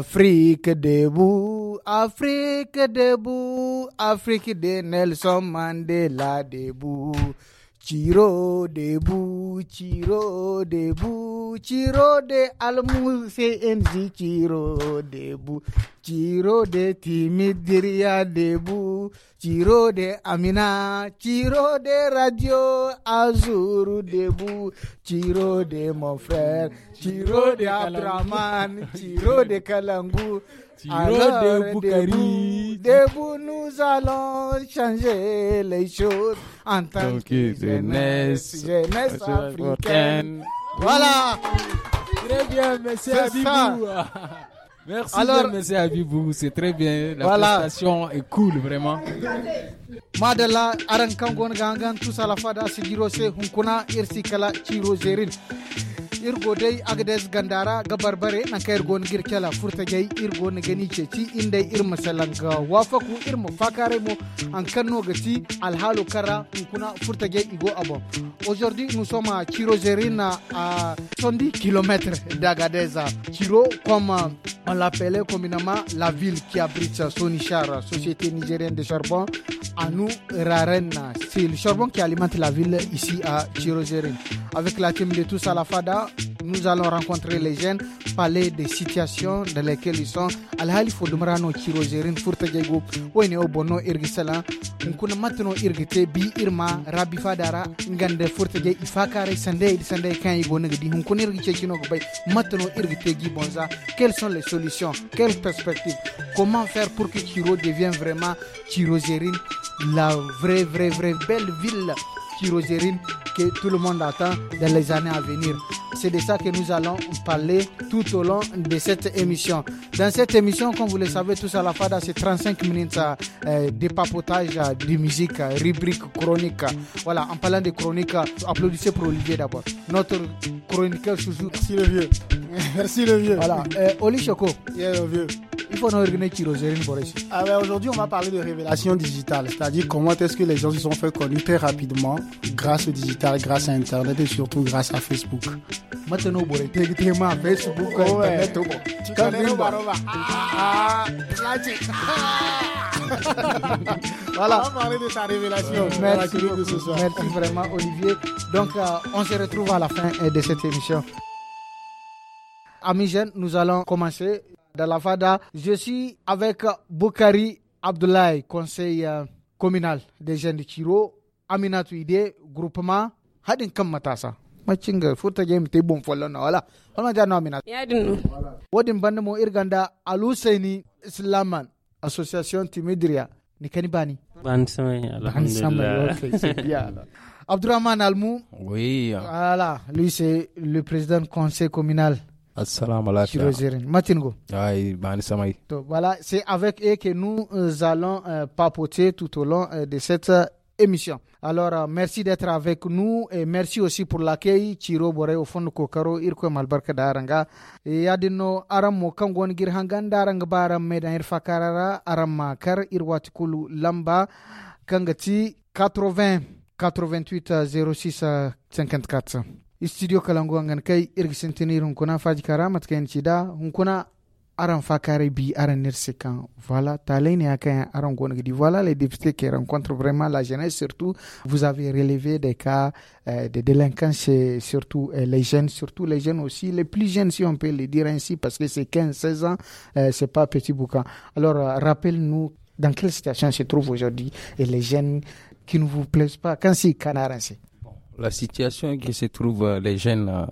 Afrique debout, Afrique debout, Afrique de Nelson Mandela debout, Chiro debout, Chiro debout. bu de almu cnc de bu de debout debu de amina de radio azuru Tiro de mon frère de abdraman de kalangu de oh, Debout, nous allons changer les choses en tant que jeunesse, jeunesse africaine. Voilà. Très bien, monsieur Abibou. Merci, Alors, bien, monsieur Abibou. C'est très bien. La voilà. prestation est cool, vraiment. Madela, aran kan tous à la fada hunkuna irsi kala irgo day agades gandara gabarbare na kayar gon girkela furta gai irgo ne gani ceci inda irma salanga wafaku irma fakare mo an kanno gati alhalo kara kuna furta gai igo abo aujourd'hui nous sommes à Chirogérina à 110 km d'agadeza Chiro comme euh, on l'appelait communément la ville qui abrite Sonichar, Société nigérienne de charbon, à nous Raren. C'est le charbon qui alimente la ville ici à chirogerine Avec la team de tous à la FADA, nous allons rencontrer les jeunes, parler des situations dans lesquelles ils sont. Alhali fodumrano kirozerin furta jego wene obono irgisala nkuna matno irgite bi irma rabi fadara ngande furta je ifakare sande sande kan yego ngadi nkuna irgice kino bay matno irgite bonza. Quelles sont les solutions Quelles perspectives Comment faire pour que Kiro devienne vraiment Kirozerine, la vraie vraie vraie belle ville Kirozerine que tout le monde attend dans les années à venir. C'est de ça que nous allons parler tout au long de cette émission. Dans cette émission, comme vous le savez tous à la FADA, c'est 35 minutes euh, de papotage euh, de musique, euh, rubrique, chronique. Voilà, en parlant de chronique, applaudissez pour Olivier d'abord. Notre chroniqueur toujours. Merci le vieux. Merci le vieux. Voilà, Oli Choco. Yeah, le vieux. Il faut nous ah aujourd'hui, on va parler de révélation digitale, c'est-à-dire comment est-ce que les gens se sont fait connus très rapidement grâce au digital, grâce à Internet et surtout grâce à Facebook. Maintenant, Boré, Facebook, Internet, voilà. On va parler de ta révélation. Merci, beaucoup ce soir. merci vraiment, Olivier. Donc, euh, on se retrouve à la fin euh, de cette émission. Amis jeunes, nous allons commencer je suis avec Bokari Abdoulaye, conseil euh, communal des jeunes de Chiro, Aminatou Ide, groupement Hadin Kammatasa. macinga furta jemi te bum follo na wala wala amina bande irganda alusaini islaman association timidria ni kani bani Oui. Voilà, lui c'est le président conseil communal Assalamu alaikum. Matingo. Ah, voilà, c'est avec eux que nous euh, allons euh, papoter tout au long euh, de cette émission. Alors, merci d'être avec nous et merci aussi pour l'accueil. Chiro Bore au fond Kokaro, Irko Malbarka Daranga. Et Adino Aramo Kangon Girhangan Darang Baram Medan Irfakarara, Aram Makar, Irwatikulu Lamba, Kangati 80 88 06 54 aran fakare bi aran voilà voilà les députés qui rencontrent vraiment la jeunesse surtout vous avez relevé des cas euh, de délinquance surtout euh, les jeunes surtout les jeunes aussi les plus jeunes si on peut les dire ainsi parce que c'est 15 16 ans euh, c'est pas petit boucan alors euh, rappelle-nous dans quelle situation se trouve aujourd'hui les jeunes qui ne vous plaisent pas quand c'est canard la situation que se trouvent euh, les jeunes euh,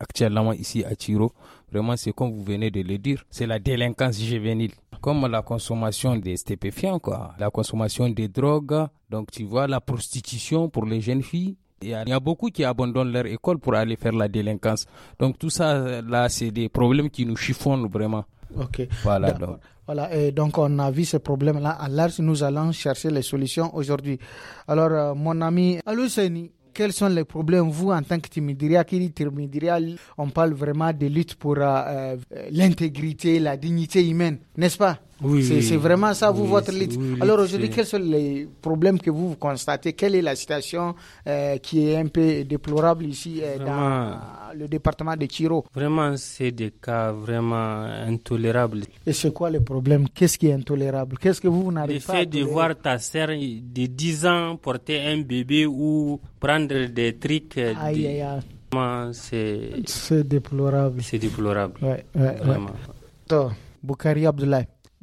actuellement ici à Tiro, vraiment c'est comme vous venez de le dire, c'est la délinquance juvénile. Comme la consommation des stupéfiants, quoi, la consommation des drogues, donc tu vois la prostitution pour les jeunes filles. Il y a beaucoup qui abandonnent leur école pour aller faire la délinquance. Donc tout ça, là, c'est des problèmes qui nous chiffonnent vraiment. Ok. Voilà. Donc. Voilà, et donc on a vu ces problèmes là à si nous allons chercher les solutions aujourd'hui. Alors, euh, mon ami Alouseni quels sont les problèmes, vous, en tant que Timidiria Qui on parle vraiment de lutte pour euh, euh, l'intégrité, la dignité humaine, n'est-ce pas c'est vraiment ça, vous, votre lit Alors aujourd'hui, quels sont les problèmes que vous constatez Quelle est la situation euh, qui est un peu déplorable ici euh, dans le département de Tiro Vraiment, c'est des cas vraiment intolérables. Et c'est quoi le problème Qu'est-ce qui est intolérable Qu'est-ce que vous n'arrivez pas à Le fait de voir ta sœur de 10 ans porter un bébé ou prendre des trucs... Euh, aïe, C'est déplorable. C'est déplorable. Ouais, ouais, vraiment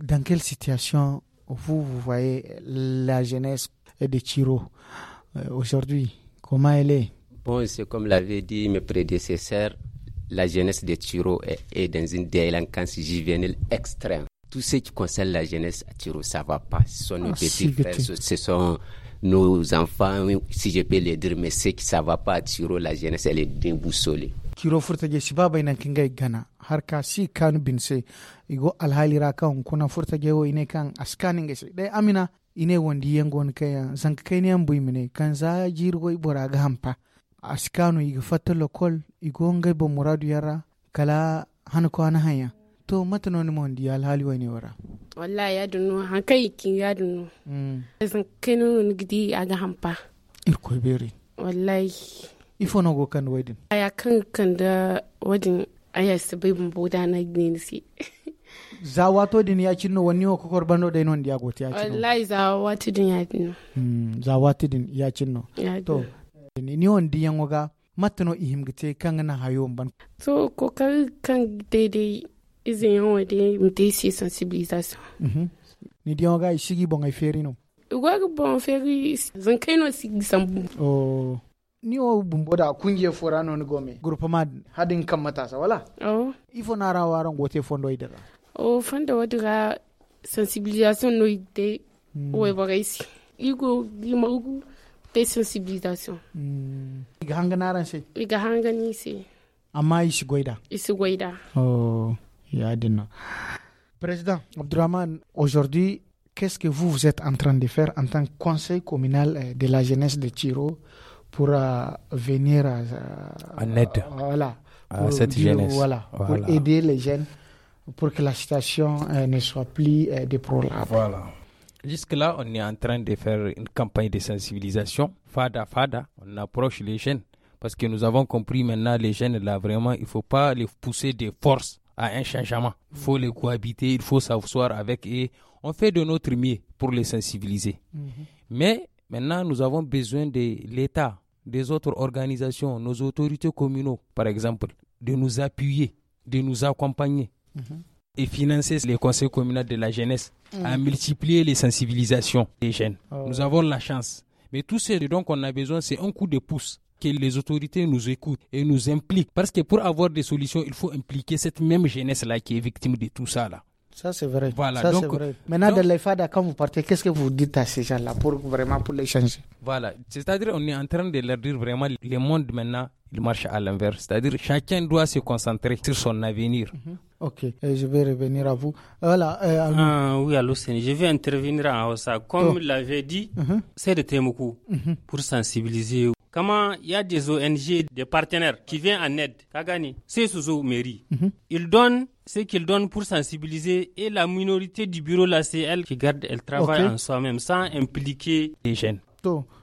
dans quelle situation vous, vous voyez la jeunesse de Tiro euh, aujourd'hui Comment elle est Bon, c'est comme l'avait dit mes prédécesseurs, la jeunesse de Tiro est, dans une délinquance juvénile extrême. Tout ce qui concerne la jeunesse à Tiro, ça ne va pas. Ce sont nos ah, petits frères, ce, sont nos enfants, si je peux le dire, mais c'est qui ça ne va pas à Chiro, la jeunesse, elle est déboussolée. Ghana, igo ra kan kuna furta gewo ine kan askanin gese dai amina ine wondi yengon kaya kai ne an buimine kan za jirgo ibora ga hampa askanu iga fata lokol igo ngai bo muradu yara kala hana ko ana hanya to matano ni mondi alhali wani wara wallahi ya dunu hankai kin ya dunu mm. Zan kai kaini ni gidi aga hampa irko beri wallahi ifo no go kan wedin aya kan kan da wedin aya sabibin bumbu da na si za ya yacin no wonni wo kokor bano de non ci yacin wallahi za watodin yacin no mm za watodin yacin no to ni on diyan waga matano ihimgite kan na hayo ban to ko kan daidai izin yawa de mte si sensibilisation mhm. ni diyan waga shigi bon ay feri no ugwaga bon feri zan kai no sigi sambu o ni o bumbo da kungiye fora no ni gome groupement hadin kan matasa wala o ifo na rawaran gote fondo idara fond de votre sensibilisation Il y a ici sensibilisation goida goida oh ya président aujourd'hui qu'est-ce que vous vous êtes en train de faire en tant que conseil communal euh, de la jeunesse de Tiro pour euh, venir à en voilà, à cette jeunesse voilà, pour aider les jeunes pour que la situation euh, ne soit plus euh, des problèmes. Voilà. Jusque-là, on est en train de faire une campagne de sensibilisation, fada fada, on approche les jeunes. Parce que nous avons compris maintenant, les jeunes, là, vraiment, il ne faut pas les pousser de force à un changement. Il faut les cohabiter, il faut s'asseoir avec eux. On fait de notre mieux pour les sensibiliser. Mhm. Mais maintenant, nous avons besoin de l'État, des autres organisations, nos autorités communaux, par exemple, de nous appuyer, de nous accompagner et financer les conseils communaux de la jeunesse, mm. à multiplier les sensibilisations des jeunes. Ah nous avons la chance. Mais tout ce dont on a besoin, c'est un coup de pouce que les autorités nous écoutent et nous impliquent. Parce que pour avoir des solutions, il faut impliquer cette même jeunesse-là qui est victime de tout ça. Là. Ça, c'est vrai. Voilà. donc, Maintenant, de quand vous partez, qu'est-ce que vous dites à ces gens-là pour vraiment pour les changer Voilà. C'est-à-dire, on est en train de leur dire vraiment, le monde maintenant, il marche à l'inverse. C'est-à-dire, chacun doit se concentrer sur son avenir. Mhm. Ok, Et je vais revenir à vous. Voilà. Euh, à ah, oui, je vais intervenir à ça. Comme oh. l'avait dit, mhm. c'est de Temuku mhm. pour sensibiliser comment il y a des ONG, des partenaires qui viennent en aide, Kagani, c'est sous mairie. Ils donnent ce qu'ils donne pour sensibiliser et la minorité du bureau, la CL, qui garde, elle travaille en soi-même sans impliquer les jeunes.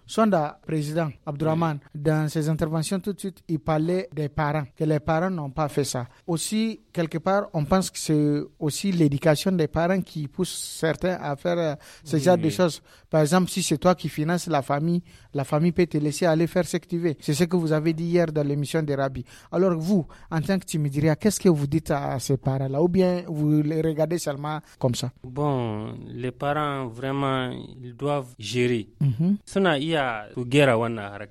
Sonda, président Abdurrahman, dans ses interventions tout de suite, il parlait des parents, que les parents n'ont pas fait ça. Aussi, quelque part, on pense que c'est aussi l'éducation des parents qui pousse certains à faire euh, ce genre de choses. Par exemple, si c'est toi qui finances la famille, la famille peut te laisser aller faire ce que tu veux. C'est ce que vous avez dit hier dans l'émission des rabbis. Alors vous, en tant que Timidiria, qu'est-ce que vous dites à ces parents-là Ou bien vous les regardez seulement comme ça Bon, les parents, vraiment, ils doivent gérer. Mm -hmm. Ils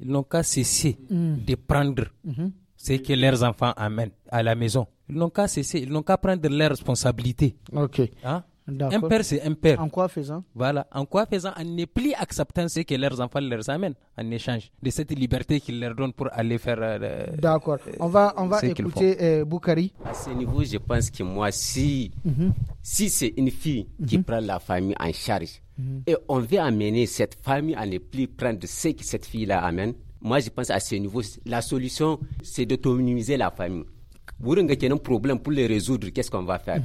n'ont qu'à cesser de prendre mhm. ce que leurs enfants amènent à la maison ils n'ont qu'à cesser ils n'ont qu'à prendre leurs responsabilités ok hein? Un père, c'est un père. En quoi faisant Voilà. En quoi faisant En ne plus acceptant ce que leurs enfants leur amènent en échange de cette liberté qu'ils leur donnent pour aller faire. Euh, D'accord. On va, on va écouter euh, Boukari. À ce niveau, je pense que moi, si, mhm. si c'est une fille qui mhm. prend la famille en charge mhm. et on veut amener cette famille à ne plus prendre ce que cette fille-là amène, moi, je pense à ce niveau, la solution, c'est d'autonomiser la famille. Vous un problème pour le résoudre, qu'est-ce qu'on va faire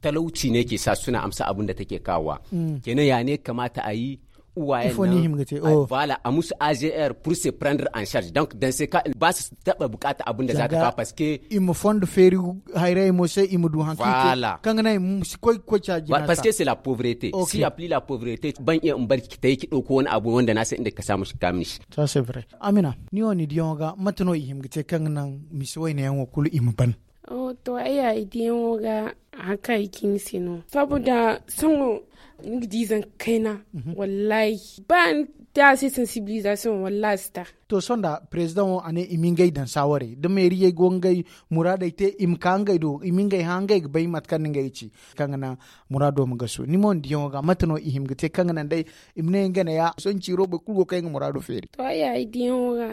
talauci ne ke sa suna amsa abin da take kawa mm. kenan ya ne kamata a yi uwayen nan oh. voilà a musu AGR pour se prendre en charge donc dans ce cas ba su taba bukata abin da za ta kawo parce que il me fond faire hayre mo se il me du hanki voilà kan na musu koi ko parce que c'est la pauvreté okay. si appli la pauvreté ban iya in barki tayi ki dauko wani abu wanda na inda ka samu shi ça c'est vrai amina ni woni dionga matano ihim gite kan nan misoy ne yan wakulu imban Oh, to aya idan woga haka ikin sino. Saboda sanwo dizan kaina mhm. wallahi ban. ta si sensibilisation wala sita to sonda president o ane imingay dan saware de meriye gongay murada ite imkangay do imingay hangay bay mat kan ngay ci kangana murado mo gaso ni mon diyo ga matno ihim gite kangana dai imne ngana ya son ci robo kulgo kay murado feri to ya diyo ga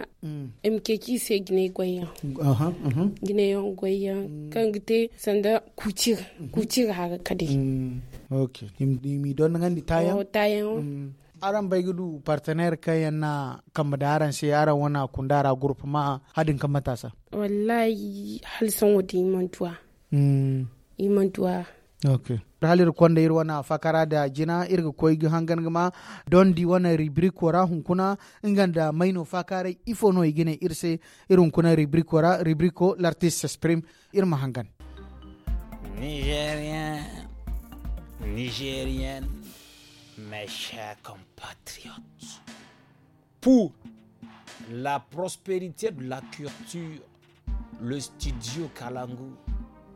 imke mm. ki se gine goya aha aha gine yon goya mm. kan gite sanda kucir mhm. kucir ha kadi mm. okay mi don ngandi tayan o oh, tayan aran bai gudu partner kayanna kamba da aran wana kundara group ma hadin kan matasa wallahi hal san wadi mantuwa mm imantuwa okay halir kwanda ir wana fakara da jina irga koygu hangan gama don di wana rubrik wara hunkuna inganda maino fakare ifo no igine irse irun kuna rubrik wara rubrico l'artiste s'exprime irma hangan nigérien nigérienne mes chers pour la prospérité de la culture, le studio Kalangu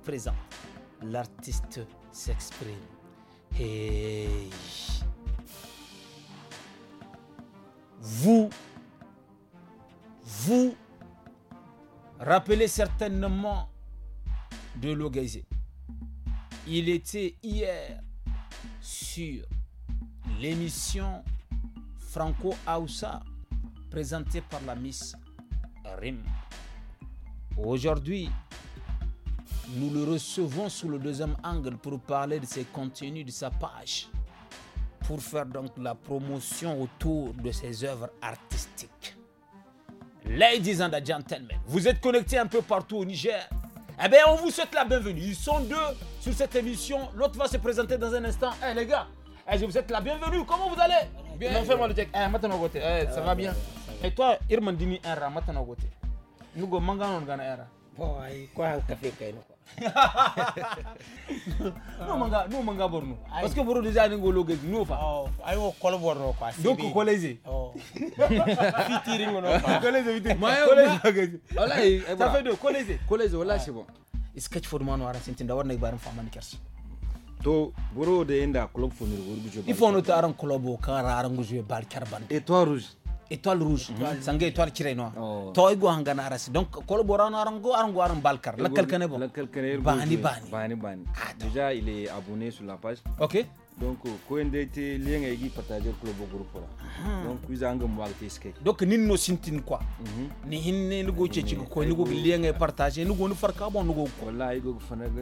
présente. L'artiste s'exprime. Hey. Vous, vous rappelez certainement de Logaizé. Il était hier sur l'émission Franco Aoussa, présenté par la Miss Rim. Aujourd'hui, nous le recevons sous le deuxième angle pour parler de ses contenus, de sa page, pour faire donc la promotion autour de ses œuvres artistiques. Ladies and gentlemen, vous êtes connectés un peu partout au Niger. Eh bien, on vous souhaite la bienvenue. Ils sont deux sur cette émission. L'autre va se présenter dans un instant. Eh les gars, eh, je vous souhaite la bienvenue. Comment vous allez bien. Non fais-moi le check, eh, maintenant gote, eh, eh ça va bien. Et toi, Irmandini era, maintenant gote. Nous go manga non gana R. Bon, eh, quoi au café kay eh, Non, manga, no manga borno. Parce que borno déjà ngo loge no fa. Oh, ay wo kol borno quoi. Donc collège. Oh. Fitiri ngono fa. Collège fitiri. Collège. Wallahi, ça fait deux collège. Collège wallahi oh, c'est bon. Sketch for man wara sentin da wannan ibarin fa man kersi. to boro da inda club fo nirgo rugujo il faut noter aran club o kara aran gujo bal karban étoile rouge étoile rouge mhm. sanga étoile ciré no oh. to igo hangana arasi donc club oran aran go aran go aran bal kar la kalkane bo la kalkane bani bani bani bani ah, déjà il est abonné sur la page OK donc euh, ko ende te lien egi partager club o groupe la ah. donc kuiza anga mwagte ske donc nin no sintin quoi mhm. ni hinne ni go chechi ko ni go lien e partager ni go no farka bon no go wallahi go fanaga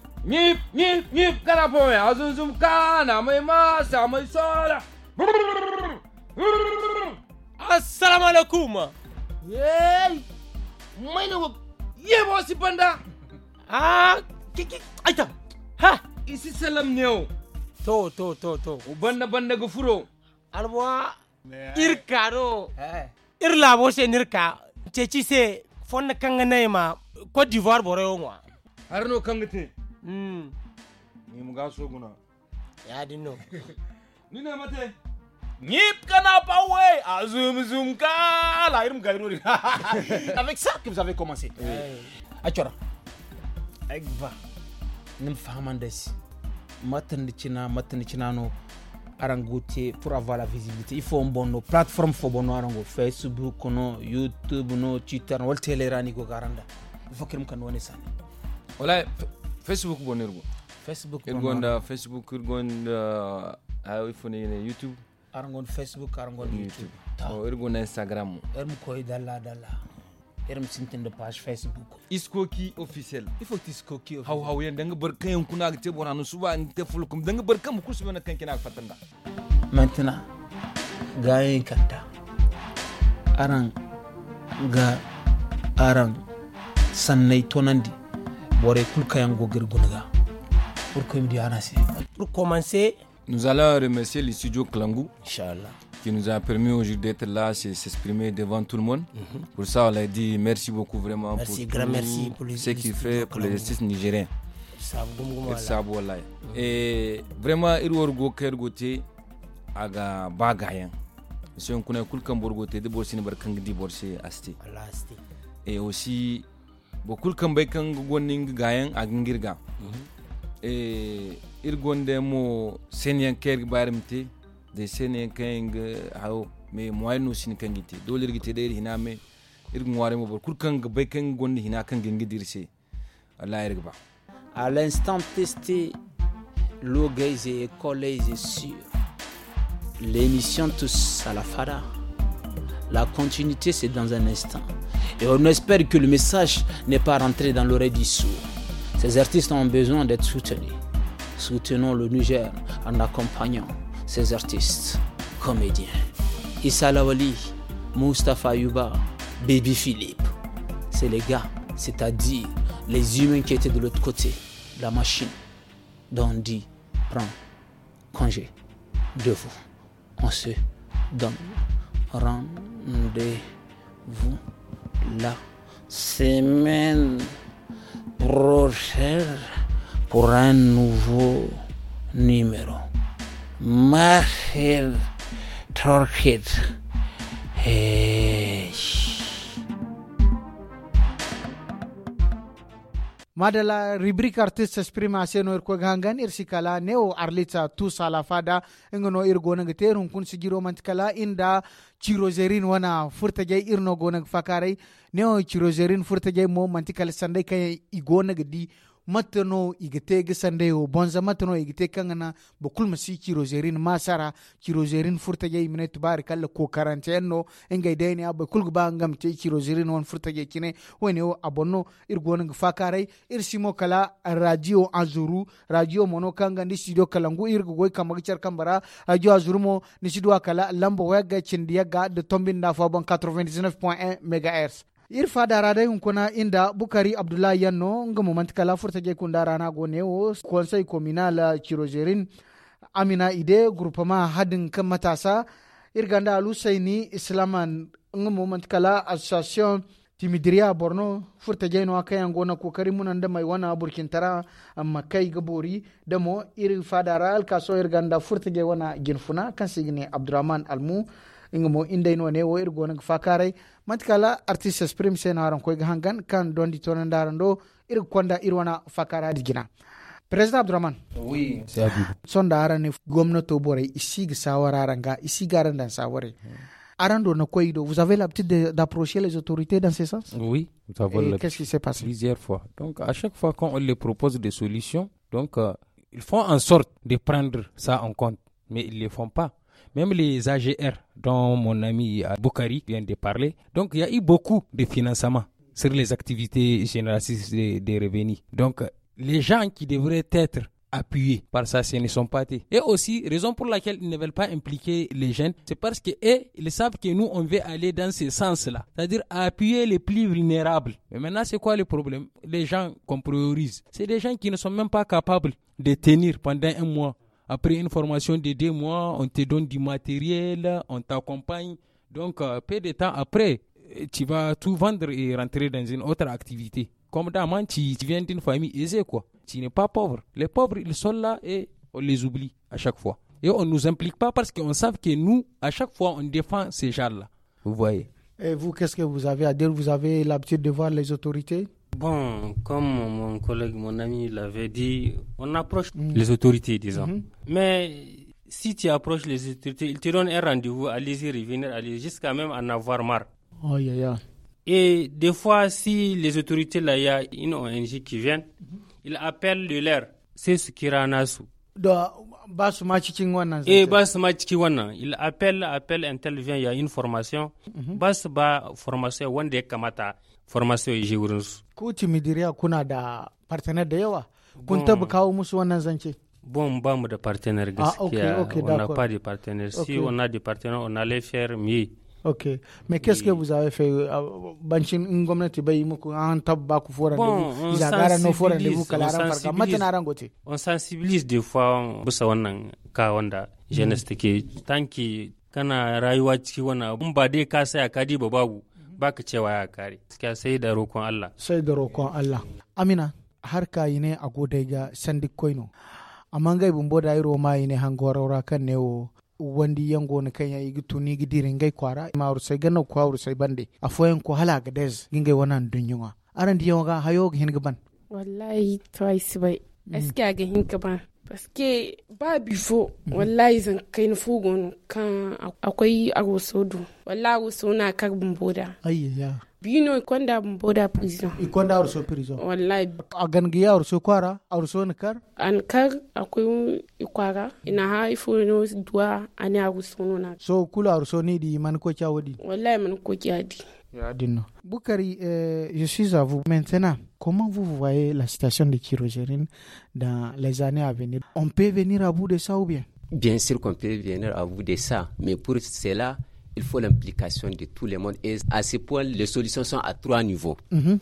Nip nip nyip, kanapome, azuzum kana, mai masa, mai sola. Assalamu alaikum. Yey! Mai no ye bo panda. Ah, kiki, aita. Ha, isi salam neo. To, to, to, to. Ubanda banda gufuro. Alwa irkaro. Irla bo nirka. Ceci se fonna kangana ma Côte d'Ivoire bore yo ngwa. Arno kangate. Hmm. ngimuka sokuna yadi no nina mate Nipkana Pawe, Azum Zumka, l'Irum Gaïrouri. Avec ça que vous avez commencé. Eh. Achora. Egba. Nymphamandes. Matanichina, no, arangote pour avoir la visibilité. Il faut un bon plateforme, faut bon arango. Facebook, no, YouTube, no, Twitter, no, Telegram, Garanda. Il faut que nous connaissions ça. Voilà. facebook bon irgo facebook irgonda facebook irgonda aw ifunene youtube ar gon facebook ar gon youtube o irgonda instagram erm koy dalla dalla erm sintin de page facebook iskoki officiel ifo iskoki officiel haw haw yan danga barkan kuna ga tebon hanu suba an te fulkum danga barkan mu kusube na kankina fatanda maintenant gayen katta arang ga arang sannai tonandi pour commencer nous allons remercier le studio Klangu qui nous a permis aujourd'hui d'être là et s'exprimer devant tout le monde. Mhm. Pour ça, on a dit merci beaucoup vraiment merci, grand merci pour ce qu'il fait pour les justice nigériens. Mhm. Et vraiment, il y a aga bagayen. Si on connaît que de de Et aussi, bo kul kan bai kan gonin gayan a gingirga e irgonde mo senyan kerg barimte de senyan kan hawo me moy no sin kan gite dolir gite de hina me irgun ware mo kul kan bai kan gonni hina kan gingidirse Allah l'instant testé logues et collèges sûr. l'émission tous à la fada la continuité c'est dans un instant et on espère que le message n'est pas rentré dans l'oreille du sourd. Ces artistes ont besoin d'être soutenus. Soutenons le Niger en accompagnant ces artistes, comédiens. Issa Lawali, Mustafa Yuba, Baby Philippe. C'est les gars, c'est-à-dire les humains qui étaient de l'autre côté, la machine, dont dit prend congé de vous. On se donne rendez-vous. la semaine prochaine pour un nouveau numéro. Marcel Torquet. Eh, madala rubrique artiste exprimer no ir kwegangan ir ne neo arlita tu sala fada ingno ir gonang ter hun kun sigiro mantkala inda chirozerin wana furtaje irno gonang fakarai neo chirozerin furtaje mo mantikal sandai kay e igonag di matano igite gisande o bonza matano igite kangana bokul masi rozerin masara kirozerin furta ye imine tubari kala ko karante no engay deni abo kul gba ngam te rozerin won furta ye kine woni o abonno irgon ngfa fakare ir simo kala radio azuru radio mono kanga ni studio kalangu irgo goy kamag char kambara radio azuru mo ni studio kala lambo wega chindiya ga de tombin da fa bon 99.1 megahertz irfa darada yunkuna inda bukari abdullahi yanno nga momentikala furtaje kundarana gone wo conseil communal cirogerin amina ide groupement hadin kan matasa irganda alusaini islaman nga momentikala association timidiriya borno furta jaino aka yango na kokari munan mai wana burkintara amma kai gabori da iri fadara alkaso irganda furta jai wana ginfuna kan sigine abdurrahman almu inga mo inda ino ne matkala artiste sprime seno aran koyga hangan kan dondi tono ndaran ɗo irga konda irwana fakara digina président abdourahman oui. c'est son sonda arani gomnato bore isiga sawara aranga isiga arandan saware hmm. Arando na koy do vous avez l'habitude d'approcher les autorités dans ce sens Oui, nous avons qu'est-ce qui s'est passé plusieurs fois. Donc, à chaque fois quand on leur propose des solutions, donc, euh, ils font en sorte de prendre ça en compte, mais ils ne le font pas même les AGR dont mon ami euh, Boukari vient de parler. Donc il y a eu beaucoup de financement sur les activités génératrices des revenus. Donc les gens qui devraient être appuyés par ça, ce ne sont pas été. Et aussi, raison pour laquelle ils ne veulent pas impliquer les jeunes, c'est parce que ils savent que nous, on veut aller dans ce sens-là, c'est-à-dire appuyer les plus vulnérables. Mais maintenant, c'est quoi le problème Les gens qu'on priorise, c'est des gens qui ne sont même pas capables de tenir pendant un mois après une formation de deux mois, on te donne du matériel, on t'accompagne. Donc, euh, peu de temps après, euh, tu vas tout vendre et rentrer dans une autre activité. Comme d'habitude, tu, tu, viens d'une famille aisée, quoi. Tu n'es pas pauvre. Les pauvres, ils sont là et on les oublie à chaque fois. Et on ne nous implique pas parce qu'on sait que nous, à chaque fois, on défend ces gens-là. Vous voyez. Et vous, qu'est-ce que vous avez à dire Vous avez l'habitude de voir les autorités Bon, comme mon collègue, mon ami l'avait dit, on approche mm. les autorités, disons. Mm-hmm. Mais si tu approches les autorités, ils te donnent un rendez-vous, allez-y, revenir, allez jusqu'à même en avoir marre. Oh, yeah, Et des fois, si les autorités, là, il y a une ONG qui vient, mm-hmm. ils appellent le leur. C'est ce qui ranasu. Et eh, Il appelle, appelle, vient, il y a une formation. Mm-hmm. Bas ba formation, wande kamata. farmasiyo ya je wurinsu. Ku timidiriya kuna da partenar ah, da yawa? Kun taba kawo musu wannan zance? Bon, ba mu da partenar gaskiya. Ah, ok, ok, d'accord. On n'a pas de partenaire. Si on a des partenaires, on allait faire mieux. ok mais qu'est ce que vous avez fait bancin in gwamnati bai muku an ba ku foran bon, da sensibilise foran gote on sensibilise des fois bisa wannan ka wanda jeunesse take tanki kana rayuwa ciki wannan abun ba dai ka saya ka di babu baka cewa ya kare gaskiya sai da roƙon Allah sai da roƙon Allah amina har ka yi ne a gode ga sandik koino amma ngai bumbo da iro ma yi ne hangorora kan ne wo wandi yango ne kan yayi gitu ni gidirin ngai kwara ma sai ganna kwa sai bande foyan ko hala ga des ngai wannan dunyuwa aran diyo ga hayo ga hin gaban wallahi twice bai gaskiya mm. ga hin gaban parce que ba bifo wallahi zan kai ni fogon kan akwai arosodo. Wallahi aroso na karbin boda. Ayyaya. bino ikonda boda prison ikonda orso prison wallahi agangiya orso kwara kar an kar akwai ikwara ina ha ifo no dua ani agusono na so kula orso ni di man ko chawdi wallahi man ko chadi Boukari, euh, je suis à vous maintenant. Comment vous voyez la situation de chirurgérine dans les années à venir On peut venir à bout de ça ou bien Bien sûr qu'on peut venir à bout de ça, mais pour cela, il faut l'implication de tout le monde. Et à ce point, les solutions sont à trois niveaux. Mm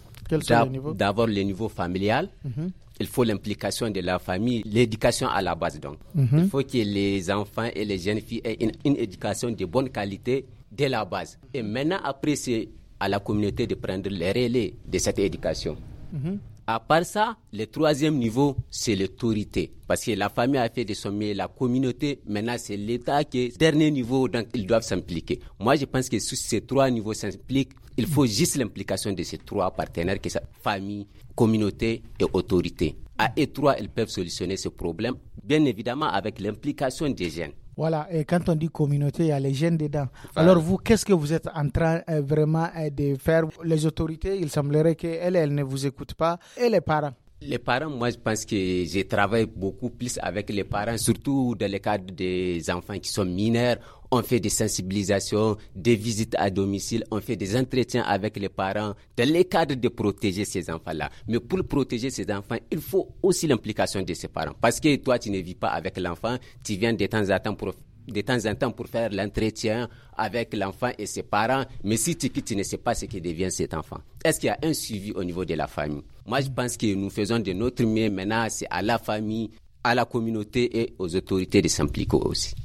niveaux? D'abord, le niveau familial. Mhm. Il faut l'implication de la famille, l'éducation à la base. Donc, mhm. il faut que les enfants et les jeunes filles aient une, une éducation de bonne qualité dès la base. Et maintenant, après, c'est à la communauté de prendre les relais de cette éducation. Mhm. À part ça, le troisième niveau, c'est l'autorité. Parce que la famille a fait des sommets, la communauté, maintenant c'est l'État qui est dernier niveau, donc ils doivent s'impliquer. Moi, je pense que si ces trois niveaux s'impliquent, il faut juste l'implication de ces trois partenaires, que sont famille, communauté et autorité. À étroit 3 ils peuvent solutionner ce problème, bien évidemment avec l'implication des jeunes. Voilà, et quand on dit communauté, il y a les jeunes dedans. Alors vous, qu'est-ce que vous êtes en train euh, vraiment euh, de faire Les autorités, il semblerait qu'elles, ne vous écoutent pas, et les parents les parents, moi, je pense que je travaille beaucoup plus avec les parents, surtout dans le cadre des enfants qui sont mineurs on fait des sensibilisations, des visites à domicile, on fait des entretiens avec les parents, dans le cadre de protéger ces enfants-là. Mais pour protéger ces enfants, il faut aussi l'implication de ces parents. Parce que toi, tu ne vis pas avec l'enfant, tu viens de temps temps pour de temps en temps pour faire l'entretien avec l'enfant et ses parents, mais si tu quittes, tu ne sais pas ce qui devient cet enfant. Est-ce qu'il y a un suivi au niveau de la famille Moi, je pense que nous faisons de notre mieux maintenant, c'est à la famille, à la communauté et aux autorités de s'impliquer aussi.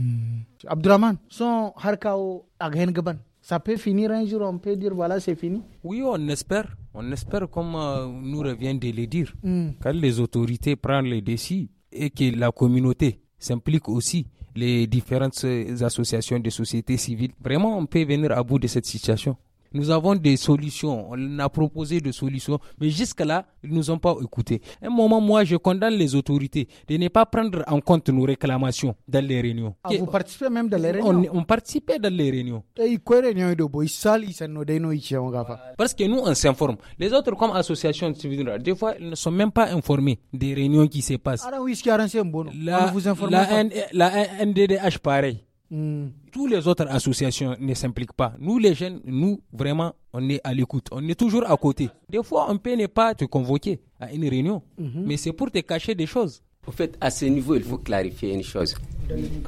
Hmm. Abdurrahman, son Harkao Ça peut finir un jour, on peut dire voilà, c'est fini. Oui, on espère. On espère, comme euh, nous revient de le dire, hmm. quand les autorités prennent les décisions et que la communauté s'implique aussi, les différentes euh, associations de société civile, vraiment, on peut venir à bout de cette situation. Nous avons des solutions. On a proposé des solutions, mais jusque-là, ils nous ont pas écoutés. Un moment, moi, je condamne les autorités de ne pas prendre en compte nos réclamations dans les réunions. Ah, vous participez même dans les réunions On, participait dans les réunions. Parce que nous, on s'informe. Les autres, comme association de des fois, ils ne sont même pas informés des réunions qui se passent. Ah la, la, la NDDH, pareil. Hmm. Toutes les autres associations ne s'impliquent pas. Nous, les jeunes, nous, vraiment, on est à l'écoute. On est toujours à côté. Des fois, on peut ne pas te convoquer à une réunion, mhm. mais c'est pour te cacher des choses. En fait, à ce niveau, il faut clarifier une chose.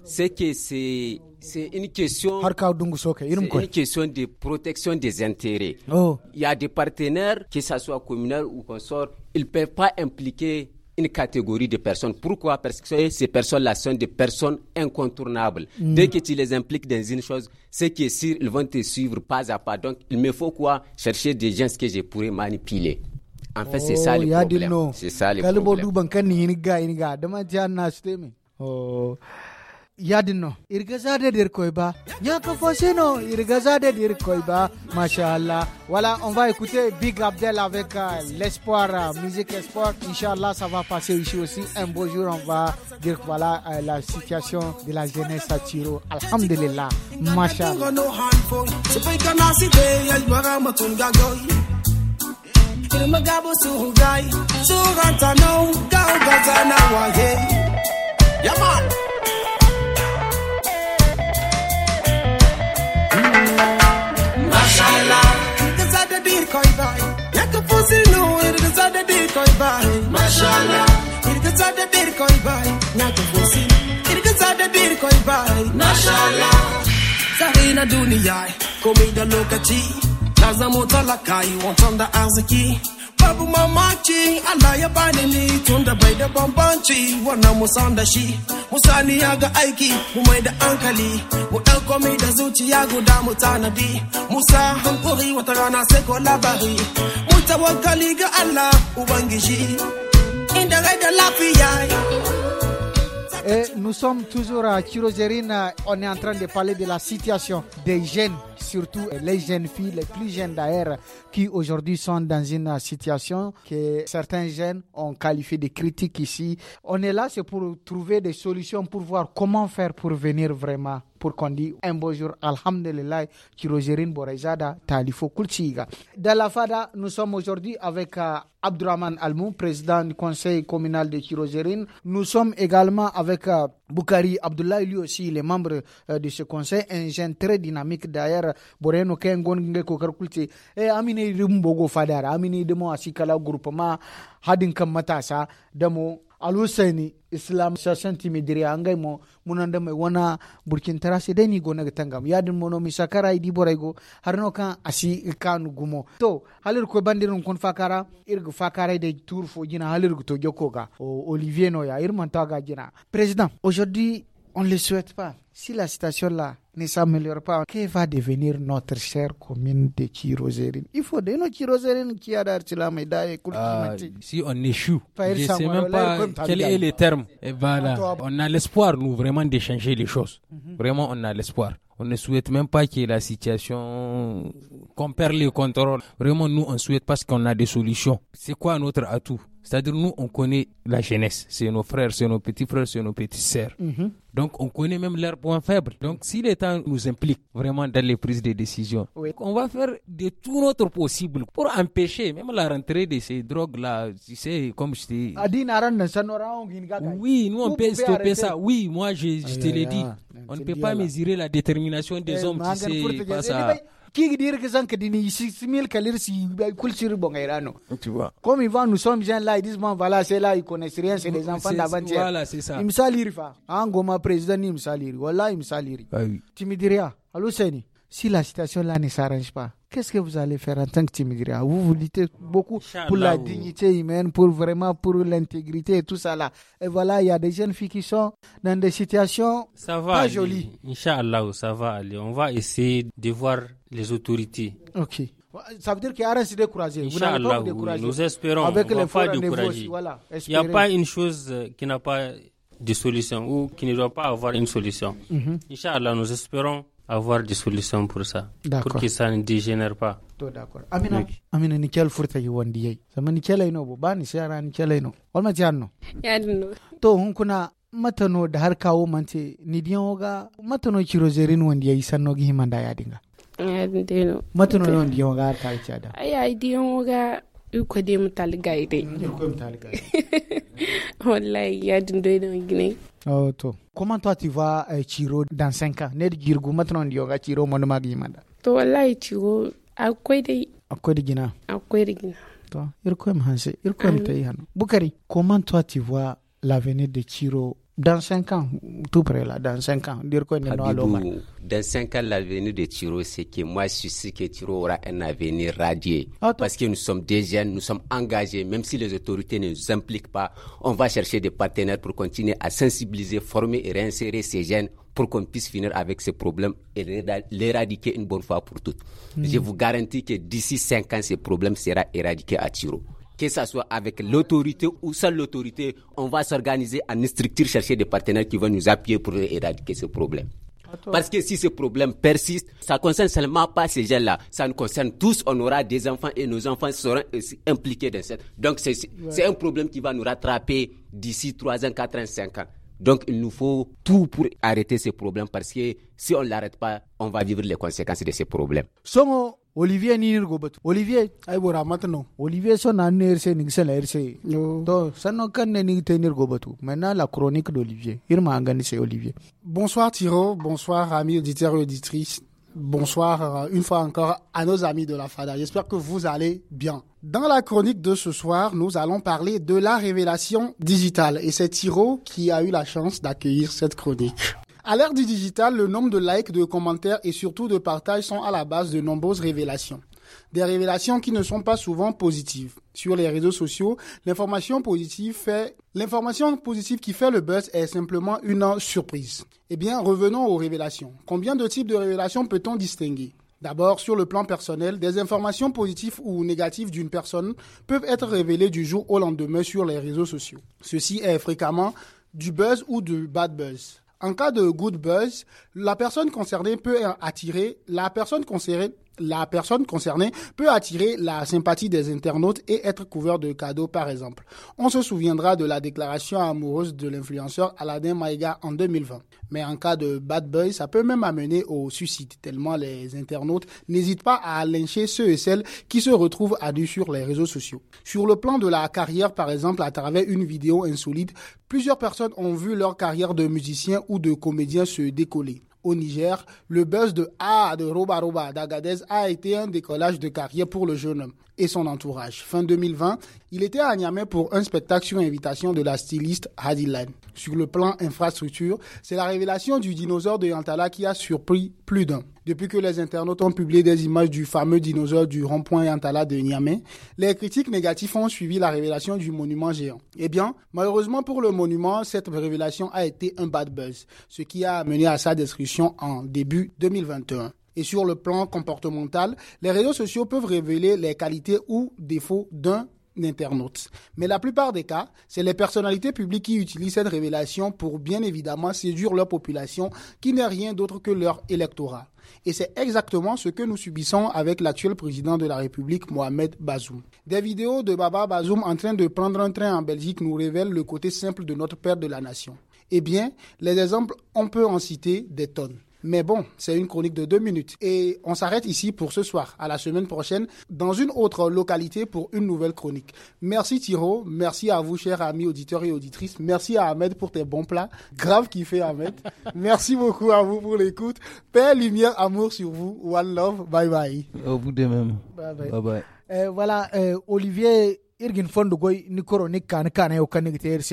C'est que c'est c'est une question une question de protection des intérêts. Oh. Il y a des partenaires, que ce soit communal ou consort, ils ne peuvent pas impliquer une catégorie de personnes. Pourquoi Parce que ces personnes-là sont des personnes incontournables. Mm. Dès que tu les impliques dans une chose, c'est que sûr, ils vont te suivre pas à pas. Donc, il me faut quoi Chercher des gens que je pourrais manipuler. En fait, c'est ça oh, le problème. C'est ça le problème yadino irgazade zade dir koiba nyaka fosino irga dir voilà on va écouter Big Abdel avec euh, l'espoir euh, musique espoir inchallah ça va passer ici aussi un beau jour on va dire voilà euh, la situation de la jeunesse à Tiro alhamdulillah mashallah yeah, decoy boy. Yako pussy no, it is a decoy boy. Mashallah, it is a decoy boy. Yako pussy, it is a decoy boy. Mashallah. Sarina dunia, kumi da lokaci, tazamo talaka, you want on the azaki. babu mamaci Allah ya bani ni tun da bai da bambanci wannan musan da shi musani ya ga aiki mu mai da hankali mu dan komai da zuciya guda mu tanadi musa hankuri wata rana sai ko labari mu tawakkali ga Allah ubangiji inda rai da lafiya nous sommes toujours à Kirozerine. On est en train de parler de la situation des jeunes, surtout les jeunes filles, les plus jeunes d'ailleurs, qui aujourd'hui sont dans une situation que certains jeunes ont qualifié de critique ici. On est là, c'est pour trouver des solutions, pour voir comment faire pour venir vraiment pour qu'on dise un bonjour, jour, Alhamdulillah, Kirozerine Boraizada, Talifo Kultiga. Dans la FADA, nous sommes aujourd'hui avec euh, Abdourahman Abdurrahman Almou, président du conseil communal de Kirozerine. Nous sommes également avec Bukari euh, Boukari Abdoulaye, lui aussi, les est membre euh, de ce conseil, un jeune très dynamique d'ailleurs. Boreno Kengon ko Kulti, et eh, Amine Rumbogo Fadara, Amine Demo Asikala Groupement, Hadin matasa Demo aluseni islam sasan mi diri angay mo munande mai wana burkin tarasi dai ni gona tangam yadin mono mi sakara idi boraygo harno kan asi kan gumo to halir ko bandirun kun fakara irgu fakara de tour fo jina halir to jokoga o olivier noya irman taga jina president aujourd'hui On ne le souhaite pas. Si la situation-là ne s'améliore pas, que va devenir notre chère commune de Kirozerine Il faut de nos Kirozerine qui a ah, Si on échoue, je ne sais même pas quel est le terme. Et voilà, on a l'espoir, nous, vraiment, de changer les choses. Mhm. Vraiment, on a l'espoir. On ne souhaite même pas que la situation, qu'on perde le contrôle. Vraiment, nous, on souhaite parce qu'on a des solutions. C'est quoi notre atout c'est-à-dire, nous, on connaît la jeunesse. C'est nos frères, c'est nos petits frères, c'est nos petites sœurs. Mm-hmm. Donc, on connaît même leurs points faibles. Donc, si temps nous implique vraiment dans les prises de décision, on va faire de tout notre possible pour empêcher même la rentrée de ces drogues-là. Tu sais, comme je t'ai Oui, nous, on peut stopper ça. Oui, moi, je, te ah, l'ai dit. on ne peut pas mesurer la détermination des eh, hommes, tu sais, face à... Eh, qui dit que ça que dini simil kalir si culture bongairano tu vois comme ils vont nous sommes gens là ils disent voilà c'est là ils connaissent rien c'est les enfants d'avant-hier voilà c'est ça imsalirfa angoma président imsaliri voilà imsaliri ah oui tu me diras allô seni si la situation-là ne s'arrange pas, qu'est-ce que vous allez faire en tant qu'immigré Vous vous dites beaucoup pour la dignité humaine, pour vraiment pour l'intégrité et tout ça là. Et voilà, il y a des jeunes filles qui sont dans des situations ça va pas aller. jolies. Inch'Allah, ça va aller. On va essayer de voir les autorités. Ok. Ça veut dire qu'il y a un de découragé. nous espérons. Avec on pas il n'y a pas une chose euh, qui n'a pas de solution ou qui ne doit pas avoir une solution. Mhm. Inch'Allah, nous espérons avoir des solutions pour ça. Pour que ça ne dégénère pas. To d'accord. Amina, oui. amina ni kel furta yi wandi yai. Sama ni kel aino bo ba ni shara ni kel aino. Walma ti anno. Ya dinno. To hun kuna matano da har kawo mante ni diyan ga matano kirozerin wandi yai sanno gi himanda ya dinga. Ya dinno. Matano no wandi ga har kawo ci ada. Ai ai diyan ga uko de mutaligai dai. Uko mutaligai. wallahi ya dindo da gine oh to comment toi tu vas euh, Chiro dans 5 ans ne girgu matron dioga oh, Chiro mon magi mada to wallahi Chiro akwai dai akwai da gina akwai da gina to irko hanse irko ah. mu tayi hanu bukari comment toi tu vois l'avenir de Chiro dans 5 ans tout près là dans 5 ans dire ne no aloma dans 5 ans, l'avenir de Tiro, c'est que moi, je suis sûr que Tiro aura un avenir radié parce que nous sommes des jeunes, nous sommes engagés, même si les autorités ne nous impliquent pas, on va chercher des partenaires pour continuer à sensibiliser, former et réinsérer ces jeunes pour qu'on puisse finir avec ces problèmes et l'éradiquer une bonne fois pour toutes. Hmm. Je vous garantis que d'ici 5 ans, ce problème sera éradiqué à Tiro que ce soit avec l'autorité ou sans l'autorité, on va s'organiser en structure, chercher des partenaires qui vont nous appuyer pour éradiquer ce problème. Parce que si ce problème persiste, ça concerne seulement pas ces gens-là. Ça nous concerne tous. On aura des enfants et nos enfants seront impliqués dans cette. Donc, c'est un problème qui va nous rattraper d'ici 3 ans, 4 ans, 5 ans. Donc, il nous faut tout pour arrêter ce problème. parce que si on ne l'arrête pas, on va vivre les conséquences de ces problèmes olivier ni olivier ay olivier so ni ni maintenant la chronique d'olivier irma angani c'est olivier bonsoir Thiro bonsoir amis auditeurs et auditrices bonsoir euh, une fois encore à nos amis de la FADA. J'espère que vous allez bien. Dans la chronique de ce soir, nous allons parler de la révélation digitale. Et c'est Thiro qui a eu la chance d'accueillir cette chronique. À l'ère du digital, le nombre de likes, de commentaires et surtout de partages sont à la base de nombreuses révélations. Des révélations qui ne sont pas souvent positives. Sur les réseaux sociaux, l'information positive fait, l'information positive qui fait le buzz est simplement une surprise. Eh bien, revenons aux révélations. Combien de types de révélations peut-on distinguer? D'abord, sur le plan personnel, des informations positives ou négatives d'une personne peuvent être révélées du jour au lendemain sur les réseaux sociaux. Ceci est fréquemment du buzz ou du bad buzz. En cas de good buzz, la personne concernée peut attirer la personne concernée la personne concernée peut attirer la sympathie des internautes et être couvert de cadeaux par exemple. On se souviendra de la déclaration amoureuse de l'influenceur Aladdin Maiga en 2020. Mais en cas de bad boy, ça peut même amener au suicide, tellement les internautes n'hésitent pas à lyncher ceux et celles qui se retrouvent à nu sur les réseaux sociaux. Sur le plan de la carrière, par exemple, à travers une vidéo insolite, plusieurs personnes ont vu leur carrière de musicien ou de comédien se décoller au Niger. Le buzz de A ah, de Robaroba d'Agadez a été un décollage de carrière pour le jeune homme et son entourage. Fin 2020, il était à Niamey pour un spectacle sur invitation de la styliste Lane. Sur le plan infrastructure, c'est la révélation du dinosaure de Yantala qui a surpris plus d'un. Depuis que les internautes ont publié des images du fameux dinosaure du rond-point Yantala de Niamey, les critiques négatives ont suivi la révélation du monument géant. Eh bien, malheureusement pour le monument, cette révélation a été un bad buzz, ce qui a mené à sa destruction en début 2021. Et sur le plan comportemental, les réseaux sociaux peuvent révéler les qualités ou défauts d'un internaute. Mais la plupart des cas, c'est les personnalités publiques qui utilisent cette révélation pour bien évidemment séduire leur population qui n'est rien d'autre que leur électorat. Et c'est exactement ce que nous subissons avec l'actuel président de la République, Mohamed Bazoum. Des vidéos de Baba Bazoum en train de prendre un train en Belgique nous révèlent le côté simple de notre père de la nation. Eh bien, les exemples, on peut en citer des tonnes. Mais bon, c'est une chronique de deux minutes. Et on s'arrête ici pour ce soir. À la semaine prochaine, dans une autre localité pour une nouvelle chronique. Merci Thiro, merci à vous, chers amis auditeurs et auditrices. Merci à Ahmed pour tes bons plats. Grave fait Ahmed. merci beaucoup à vous pour l'écoute. Père lumière, amour sur vous. One love. Bye bye. Au bout de même Bye bye. Euh, voilà, euh, Olivier, Irgin qui est qui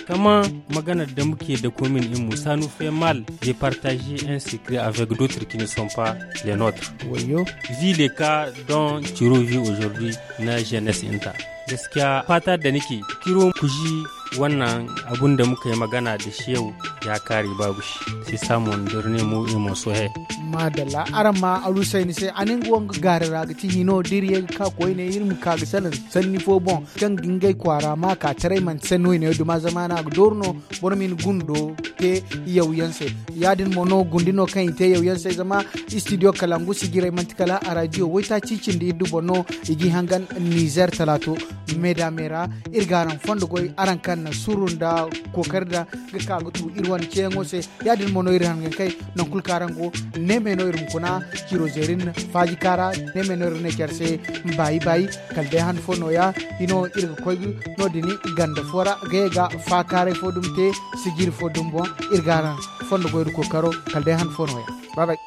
Comment magana da muke da komin in Musa Nufe mal de partage un secret avec d'autres qui ne sont pas les nôtres. Wayo. vi le cas dont tu revis aujourd'hui na jeunesse inta. Gaskiya fata da nake kiro ku ji wannan abun da muka yi magana da yau ya kare babu shi sai samun durne mu in masu he. Madalla arama arusai ni sai anin wanga gare ragati hino diriye ka koyi ne irin ka ga sanin sanni fo bon kan gingai kwara ma ka tarai man sanoi ne duma zama ana dorno bor min gundo te yawyanse yadin mono gundino kan te yawyanse zama studio kalangu sigira mantikala a radio woita cicin di iddu bono igi hangan niger talato medamera irgaran fondo goy aran kan surunda kokarda gakagu tu irwan cengose yadin mono irhan kai non kulkarango nemeno irum kuna kirozerin faji kara nemeno irne kerse bayi bayi kalde han fonoya ino irga koygu no dini ganda fora gega fa bakare fo ɗum te sigiri fo ɗum bon irgana fonno goyru ko karo kalde han fonoya babay